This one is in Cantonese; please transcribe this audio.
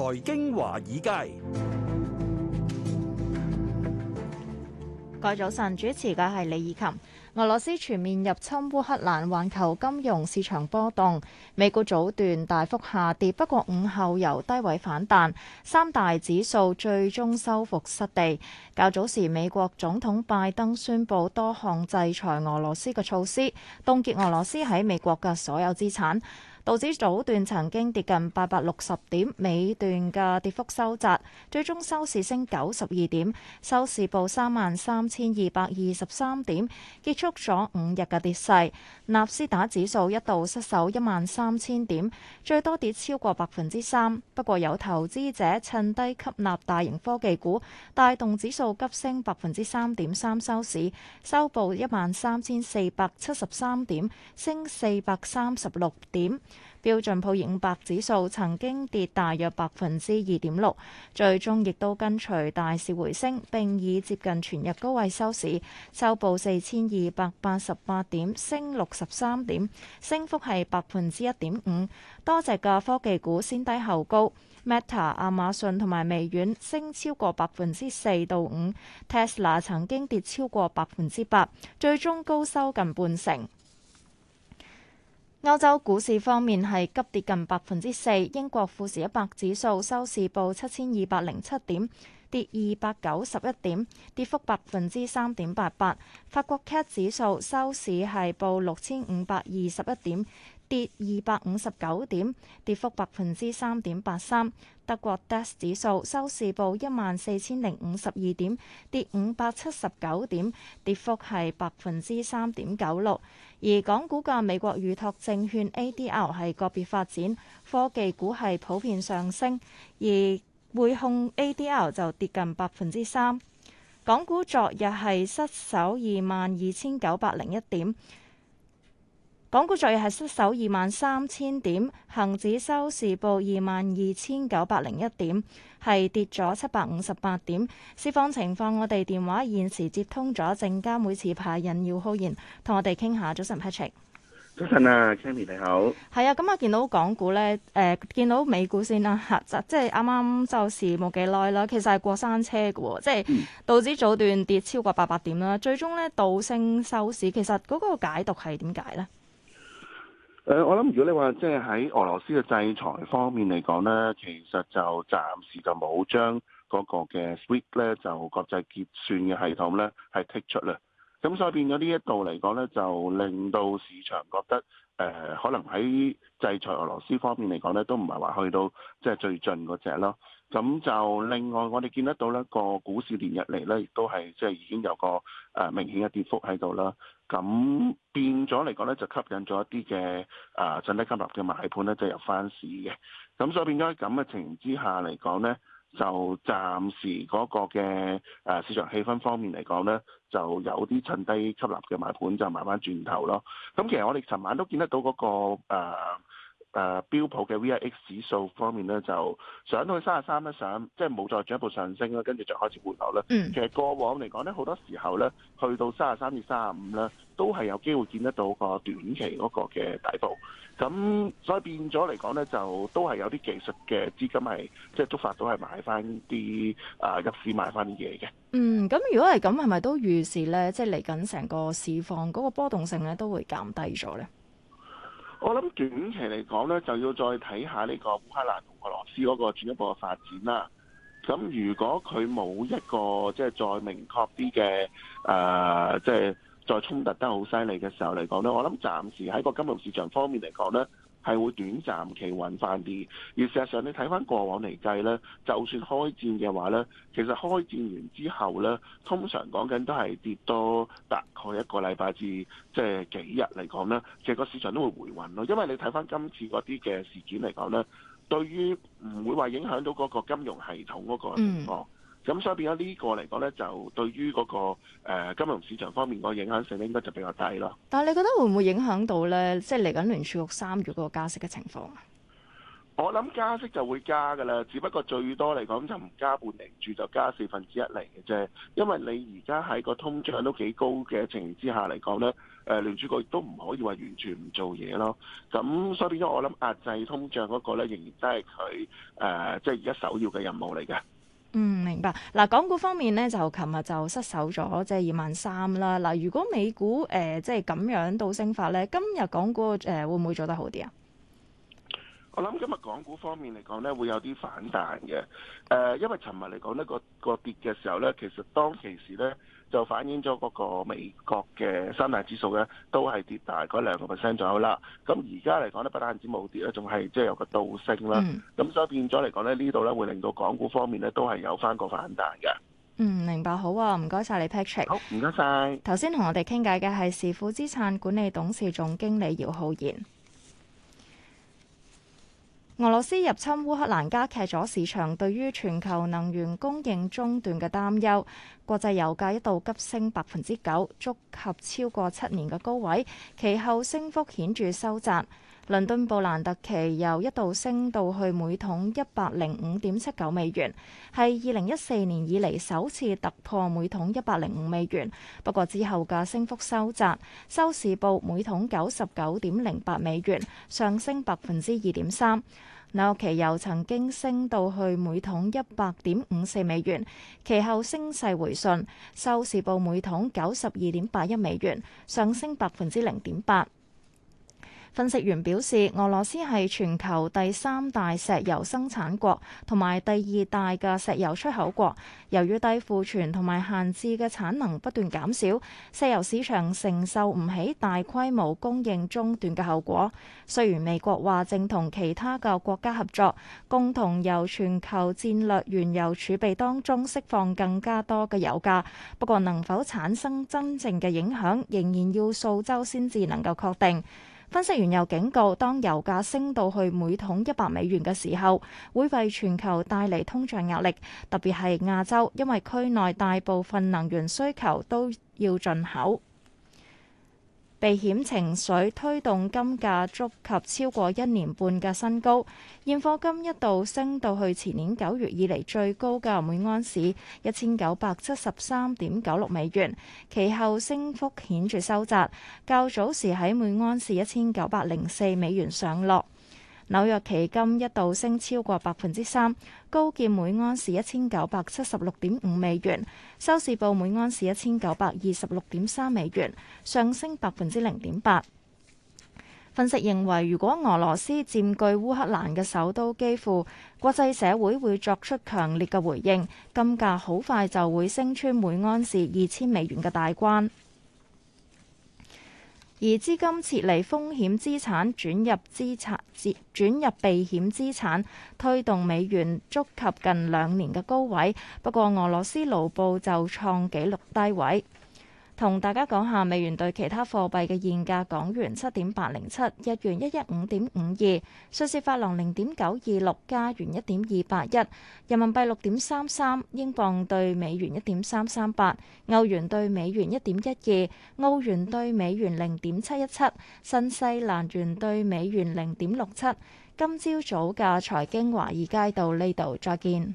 台京財經華爾街。各位早晨，主持嘅係李以琴。俄羅斯全面入侵烏克蘭，環球金融市場波動，美股早段大幅下跌，不過午後由低位反彈，三大指數最終收復失地。較早時，美國總統拜登宣布多項制裁俄羅斯嘅措施，凍結俄羅斯喺美國嘅所有資產。道指早段曾經跌近八百六十點，尾段嘅跌幅收窄，最終收市升九十二點，收市報三萬三千二百二十三點，結束咗五日嘅跌勢。納斯達指數一度失守一萬三千點，最多跌超過百分之三。不過有投資者趁低吸納大型科技股，帶動指數急升百分之三點三，收市收報一萬三千四百七十三點，升四百三十六點。標準普爾五百指數曾經跌大約百分之二點六，最終亦都跟隨大市回升，並已接近全日高位收市，收報四千二百八十八點，升六十三點，升幅係百分之一點五。多隻嘅科技股先低後高，Meta、Met a，亞馬遜同埋微軟升超過百分之四到五，Tesla 曾經跌超過百分之八，最終高收近半成。歐洲股市方面係急跌近百分之四，英國富時一百指數收市報七千二百零七點，跌二百九十一點，跌幅百分之三點八八。法國 CAC 指數收市係報六千五百二十一點。跌二百五十九點，跌幅百分之三點八三。德國 DAX 指數收市報一萬四千零五十二點，跌五百七十九點，跌幅係百分之三點九六。而港股嘅美國預託證券 ADL 係個別發展，科技股係普遍上升，而匯控 ADL 就跌近百分之三。港股昨日係失守二萬二千九百零一點。港股昨日係失守二萬三千點，恒指收市報二萬二千九百零一點，係跌咗七百五十八點。釋放情況，我哋電話現時接通咗證監會持牌人姚浩然，同我哋傾下。早晨，Patrick。早晨啊，Kenny 你好。係啊，咁啊，見到港股咧，誒、呃，見到美股先啦嚇，即係啱啱收市冇幾耐啦。其實係過山車嘅喎，即係道指早段跌超過八百點啦，嗯、最終咧道升收市。其實嗰個解讀係點解咧？誒，我諗如果你話即係喺俄羅斯嘅制裁方面嚟講咧，其實就暫時就冇將嗰個嘅 SWIFT 咧就國際結算嘅系統咧係剔出啦。咁所以變咗呢一度嚟講咧，就令到市場覺得誒、呃，可能喺制裁俄羅斯方面嚟講咧，都唔係話去到即係、就是、最盡嗰隻咯。咁就另外，我哋見得到咧，個股市連日嚟咧，亦都係即係已經有個誒、呃、明顯嘅跌幅喺度啦。咁變咗嚟講咧，就吸引咗一啲嘅誒趁低吸納嘅買盤咧，就入返市嘅。咁所以變咗咁嘅情形之下嚟講咧。就暫時嗰個嘅誒、呃、市場氣氛方面嚟講咧，就有啲趁低吸納嘅買盤，就慢慢轉頭咯。咁其實我哋尋晚都見得到嗰、嗰個誒誒、呃呃、標普嘅 VIX 指數方面咧，就上到去三十三啦，上即係冇再進一步上升啦，跟住就開始回頭啦。嗯。Mm. 其實過往嚟講咧，好多時候咧，去到三十三至三十五咧。都係有機會見得到個短期嗰個嘅底部，咁所以變咗嚟講咧，就都係有啲技術嘅資金係即係觸發到，到係買翻啲啊入市買翻啲嘢嘅。嗯，咁如果係咁，係咪都預示咧，即係嚟緊成個市況嗰個波動性咧都會減低咗咧？我諗短期嚟講咧，就要再睇下呢個烏克蘭同俄羅斯嗰個進一步嘅發展啦。咁如果佢冇一個即係、即係、再明確啲嘅誒，即、呃、係。即係再衝突得好犀利嘅時候嚟講呢，我諗暫時喺個金融市場方面嚟講呢，係會短暫企穩翻啲。而事實上，你睇翻過往嚟計呢，就算開戰嘅話呢，其實開戰完之後呢，通常講緊都係跌多大概一個禮拜至即係幾日嚟講呢，其實個市場都會回穩咯。因為你睇翻今次嗰啲嘅事件嚟講呢，對於唔會話影響到嗰個金融系統嗰個情況。嗯咁、嗯、所以變咗呢個嚟講咧，就對於嗰、那個、呃、金融市場方面個影響性咧，應該就比較低咯。但係你覺得會唔會影響到咧？即係嚟緊聯儲局三月嗰個加息嘅情況？我諗加息就會加噶啦，只不過最多嚟講就唔加半釐，住就加四分之一釐嘅啫。因為你而家喺個通脹都幾高嘅情形之下嚟講咧，誒、呃、聯儲局亦都唔可以話完全唔做嘢咯。咁、嗯、所以變咗，我諗壓制通脹嗰個咧，仍然都係佢誒即係而家首要嘅任務嚟嘅。嗯，明白。嗱，港股方面咧，就琴日就失守咗，即係二萬三啦。嗱，如果美股誒即係咁樣倒升法咧，今日港股誒、呃、會唔會做得好啲啊？我諗今日港股方面嚟講咧，會有啲反彈嘅。誒、呃，因為尋日嚟講呢個個跌嘅時候咧，其實當其時咧就反映咗嗰個美國嘅三大指數咧都係跌大概兩個 percent 左右啦。咁而家嚟講咧，不單止冇跌咧，仲係即係有個倒升啦。咁、嗯、所以變咗嚟講咧，呢度咧會令到港股方面咧都係有返個反彈嘅。嗯，明白。好啊，唔該晒你 Patrick。好，唔該晒。頭先同我哋傾偈嘅係時富資產管理董事總經理姚浩然。俄羅斯入侵烏克蘭，加劇咗市場對於全球能源供應中斷嘅擔憂。國際油價一度急升百分之九，觸及超過七年嘅高位，其後升幅顯著收窄。倫敦布蘭特期油一度升到去每桶一百零五點七九美元，係二零一四年以嚟首次突破每桶一百零五美元。不過之後嘅升幅收窄，收市報每桶九十九點零八美元，上升百分之二點三。紐約期油曾經升到去每桶一百點五四美元，其後升勢回順，收市報每桶九十二點八一美元，上升百分之零點八。分析員表示，俄羅斯係全球第三大石油生產國，同埋第二大嘅石油出口國。由於低庫存同埋限制嘅產能不斷減少，石油市場承受唔起大規模供應中斷嘅後果。雖然美國話正同其他嘅國家合作，共同由全球戰略原油儲備當中釋放更加多嘅油價，不過能否產生真正嘅影響，仍然要數週先至能夠確定。分析員又警告，當油價升到去每桶一百美元嘅時候，會為全球帶嚟通脹壓力，特別係亞洲，因為區內大部分能源需求都要進口。避險情緒推動金價觸及超過一年半嘅新高，現貨金一度升到去前年九月以嚟最高嘅每安士一千九百七十三點九六美元，其後升幅顯著收窄，較早時喺每安士一千九百零四美元上落。紐約期金一度升超過百分之三，高見每盎司一千九百七十六點五美元，收市報每盎司一千九百二十六點三美元，上升百分之零點八。分析認為，如果俄羅斯佔據烏克蘭嘅首都幾乎，國際社會會作出強烈嘅回應，金價好快就會升穿每盎司二千美元嘅大關。而資金撤離風險資產，轉入資產轉入避險資產，推動美元觸及近兩年嘅高位。不過，俄羅斯盧布就創紀錄低位。同大家講下美元對其他貨幣嘅現價：港元七點八零七，日元一一五點五二，瑞士法郎零點九二六，加元一點二八一，人民幣六點三三，英鎊對美元一點三三八，歐元對美元一點一二，澳元對美元零點七一七，新西蘭元對美元零點六七。今朝早嘅財經華爾街到呢度，再見。